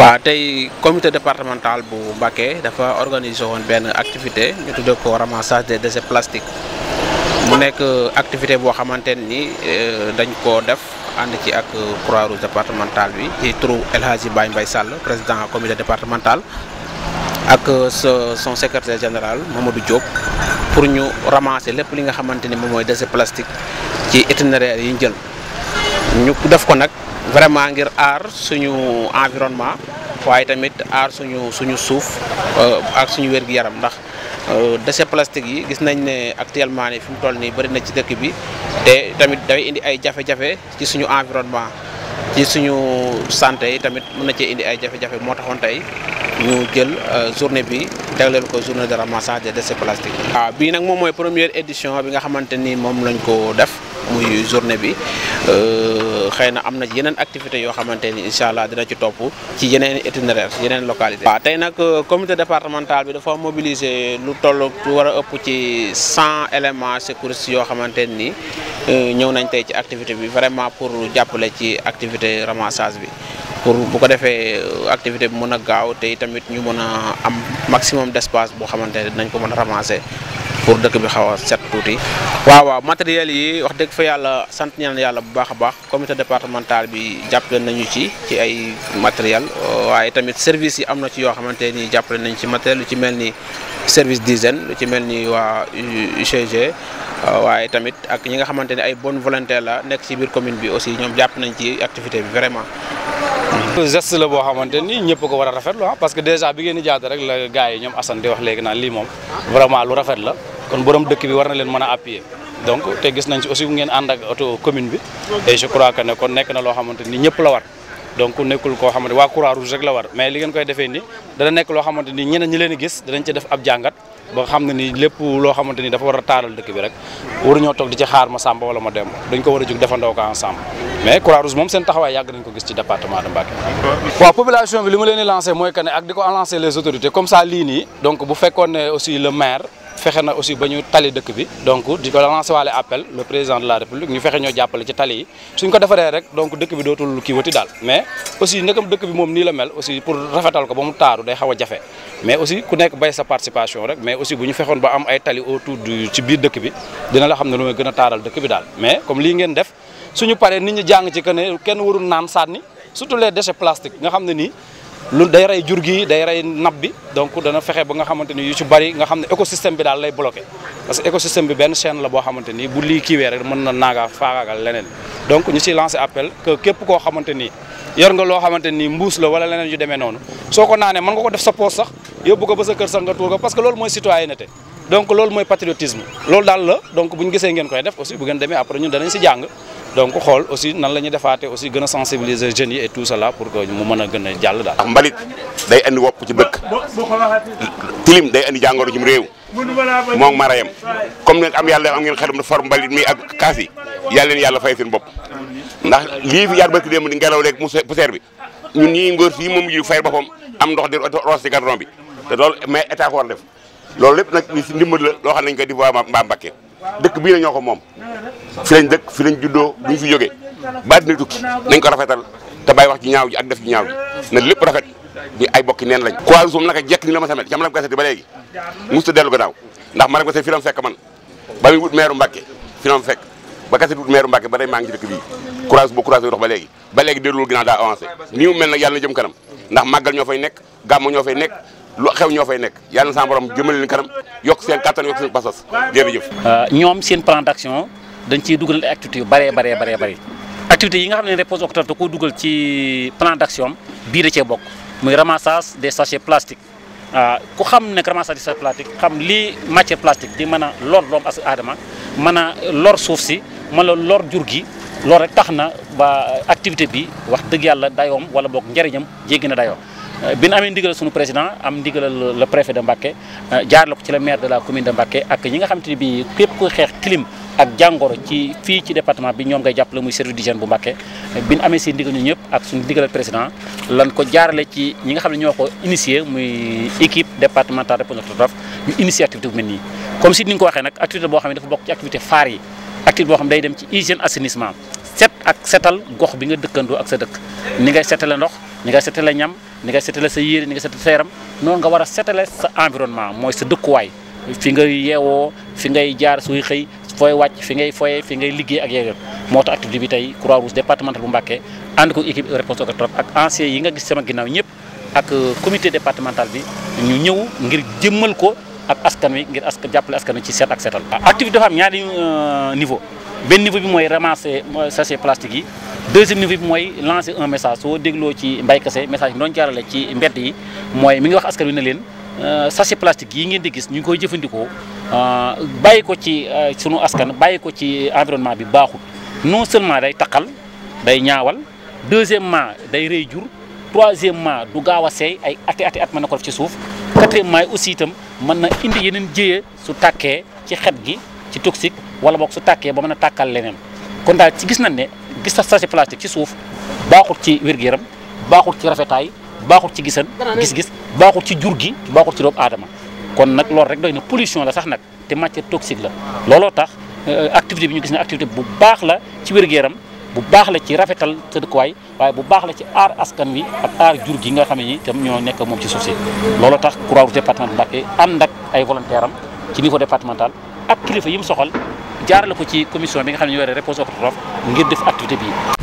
waaw tey comité départemental bu Mbacké dafa organisé woon benn activité ñu tuddee ko ramassage des déchets plastiques mu nekk activité boo xamante ni euh, dañ ko def ànd ci ak Croix-Rouge départemental bi ci turu El Hadji Baye Mbaye Sall président comité départemental ak euh, son secretaire général Mamadou Diop pour ñu ramasser lépp li nga xamante ni moom mooy déchets plastiques ci itinéraire yi ñu ñu def ko nag vraiment ngir aar suñu environnement waaye tamit aar suñu suñu suuf euh, ak suñu wér gi yaram ndax euh, déchets plastiques yi gis nañ ne actuellement ni fi mu toll nii bëri na ci dëkk bi te tamit day indi ay jafe-jafe ci suñu environnement ci suñu santé yi tamit mun na cee indi ay jafe-jafe moo taxoon tey ñu jël euh, journée bi jagleel ko journée de ramassage des déchets plastiques. waaw ah, bii nag moom mooy première édition bi nga xamante ni moom lañ ko def muy journée bi. xëy na am na yeneen activités yoo xamante ni incha allah dina ci topp ci yeneen itinéraire yeneen localité waaw tey nag euh, comité départemental bi dafa mobiliser lu toll lu war a ëpp ci cent éléments secouristes yoo xamante ni euh, ñëw nañ tey ci activité bi vraiment pour jàppale ci activité ramassage bi pour bu ko defee euh, activité bi mën a gaaw tey tamit ñu mën a am maximum d' espace boo xamante ne dinañ ko mën a ramasser pour dëkk bi xaw a set tuuti waaw waaw matériel yi wax dëgg fa yàlla sant ñaan yàlla bu baax a baax comité départemental bi jàppale nañu ci ci ay matériel waaye tamit service yi am na ci yoo xamante ni jàppale nañ ci matériel lu ci mel ni service d'hygiène lu ci mel ni waa UCG waaye tamit ak ñi nga xamante ni ay bonne volonté la nekk ci biir commune bi aussi ñoom jàpp nañ ci activité bi vraiment geste la boo xamante ni ñëpp ko war a rafetlu ah parce que déjà bi ngeen jaata rek la gars ñoom Assane di wax léegi naan lii moom vraiment lu rafet la kon borom dëkk bi war leen mën a appuyer donc te gis nañ ci aussi bu ngeen ànd ak commune bi et je crois que nekk na loo xamante ni ñëpp la war donc nekkul koo xamante waa Croix-Rouge rek la war mais li ngeen koy defee ni dana nekk loo xamante ni ñeneen ñi leen gis danañ ci def ab ba xam ne ni lépp loo xamante ni dafa war a taaral dëkk bi rek waruñoo toog di ci xaar ma sàmba wala ma dem dañ ko war a jóg defandoo ko ensemble mais Croix-Rouge moom seen taxawaay yàgg nañ ko gis ci département de Mbacké population bi li ma leen di mooy que ak di ko lancé les autorités comme ça lii nii donc bu fekkoon ne aussi le maire fexe na aussi ba ñu tali dëkk bi donc di ko lancé waale appel le président de la république ñu fexe ñoo jàppale ci tali yi suñ ko defaree rek donc dëkk bi dootul kii daal mais aussi ndekam dëkk bi moom nii la mel aussi pour rafetal ko ba mu taaru day xaw a jafe mais aussi ku nekk bay sa participation rek mais aussi bu ñu fexoon ba am ay tali autour du ci biir dëkk bi dina la xam ne lu may gën taaral dëkk bi daal mais comme lii ngeen def suñu paree kenn warul naan sànni surtout les déchets plastiques nga xam ne nii lu day rey jur gi day rey napp bi donc dana fexe ba nga xamante ni yu ci bari nga xam ne écosystème bi daal lay bloqué parce que écosystème bi benn chaîne la boo xamante ni bu lii kiiwee rek mën na naaga faagaagal leneen donc ñu ciy lancé appel que képp koo xamante ni yor nga loo xamante ni mbuus la wala leneen yu demee noonu soo ko naanee mën nga ko def sa poos sax yóbbu ko ba sa kër sax nga tuur ko parce que loolu mooy citoyenneté donc loolu mooy patriotisme loolu daal la donc bu ngeen koy def aussi bu ngeen demee après ñun danañ ci jàng donc xool aussi nan la ñuy defaatee aussi gën a sensibiliser jeune yi et tout cela pour que mu mën a gën a jàll daal. ndax mbalit day andi wopp ci dëkk tilim day andi jàngoro jum réew moom marayam comme nag am yàlla am ngeen xelum na for mbalit mi ak kaas yi yàlla yàlla fay seen bopp ndax lii fi yaar bëkk démb di ngelaw leeg poussière bi ñun ñii ngóor moom ji fay boppam am ndox di roos ci gardron bi te loolu mais état war def loolu lépp na si ndimbal loo xam ne dañ koy di waa Mbàkke dëkk bii na ñoo ko moom fi lañ dëkk fi lañ juddoo duñ fi jógee baat na tukki nañ ko rafetal te bàyyi wax ci ñaaw ji ak def ci ñaaw ji na lépp rafet ñu ay bokki neen lañ coalition naka jekk ni la ma samet ci am lam gaseti ba léegi musta dellu gannaaw ndax ma ram gaseti fi la fekk man ba muy wut meeru Mbàkke fi la fekk ba gaseti wut meeru ba day maa ngi ci dëkk bii courage boo courage dox ba léegi ba léegi déerul ginnaaw daa avancé ni mu mel na yàlla na jëm kanam ndax màggal ñoo fay nekk gàmmu ñoo fay nekk lu xew ñoo fay nekk yàlla na sama borom jëmale leen kanam yokk seen kattan yokk seen basas euh, ñoom seen plan d'action dañ ciy dugal ay activités yu bëree bëree bëree bëri activités yi nga xam ne Repose Octobre da koo dugal ci plan d'action bii da cee bokk muy ramassage des sachets plastiques euh, ku xam ne ramassage des sachets plastiques xam lii matière plastique di mën a lor doomu as aadama mën a lor suuf si mën a lor jur gi loolu rek tax na ba activité bi wax dëgg yàlla dayoom wala bokk njëriñam jéggi na dayoo. Euh, bi ñu amee ndigalal sunu président am ndigalal le préfet de Mbacké euh, jaarale ko ci la maire de la commune de Mbacké ak ñi nga xam te ne bii képp ku xeex clim ak jàngoro ci fii ci département bi ñoom ngay jàppale muy service d'hygiène bu Mbacké euh, bi ñu amee seen ndigal ñu ñëpp ak suñu ndigalal président lan ko jaarale ci ñi nga xam ne ñoo ko initié muy équipe départementale réponse catastrophe ñu initié activité bu mel nii comme si ni nga ko waxee nag activité boo xam ne dafa bokk ci activité phare yi activité boo xam ne day dem ci hygiène assainissement bi nga dëkkandoo ak sa dëkk ni ngay setale ndox ni ngay setale ñam ni nga seetale sa yére ni nga setale sa yaram noonu nga war a setale sa environnement mooy sa dëkkuwaay fi ngay yeewoo fi ngay jaar suy xëy fooy wàcc fi ngay foyee fi ngay liggéey ak yéen moo tax activité bi tey croix rouge départemental bu Mbacké ànd ko équipe réponse au trop ak anciens yi nga gis sama ginnaaw ñëpp ak euh, comité départemental bi ñu ñëw ngir jëmmal ko ak askan wi ngir askan jàppale askan wi ci seet ak seetal. activité dafa am ñaari euh, niveau benn niveau bi mooy ramasser sachet plastique yi. deuxième niveau bi mooy lancer un message soo dégloo ci Mbaye Kassé message bi jaarale ci mbedd yi mooy mi ngi wax askan wi na leen euh, sachet plastique yi ngeen di gis ñu ngi koy jëfandikoo euh, bàyyi ko ci euh, sunu askan bàyyi ko ci environnement bi baaxul non seulement day taqal day ñaawal deuxièmement day rëy jur troisièmement du gaaw a seey ay ati at mën na ko def ci suuf quatrièmement aussi itam mën na indi yeneen jéye su takkee ci xet gi ci toxique wala boog su tàkkee ba mën a tàkkal leneen kon daal ci gis nañ ne gis sa sachet plastique ci suuf baaxul ci wér-gu-yaram baaxul ci rafetaay baaxul ci gisan gis-gis baaxul ci jur gi baaxul ci doomu aadama kon nag loolu rek doy ne pollution la sax nag te matière toxique la looloo tax euh, activité bi ñu gis ne activité bu baax la ci wér-gu-yaram bu baax la ci rafetal sa dëkkuwaay waaye bu baax la ci aar askan wi ak aar jur gi nga xam ne itam ñoo nekk moom ci suuf si looloo tax Croix-Rouge département Mbacké ànd ak ay volontaire am ci niveau départemental ak yi mu soxal jaarale ko ci commission bi nga xam ne ñu war a réponse ngir def activité bi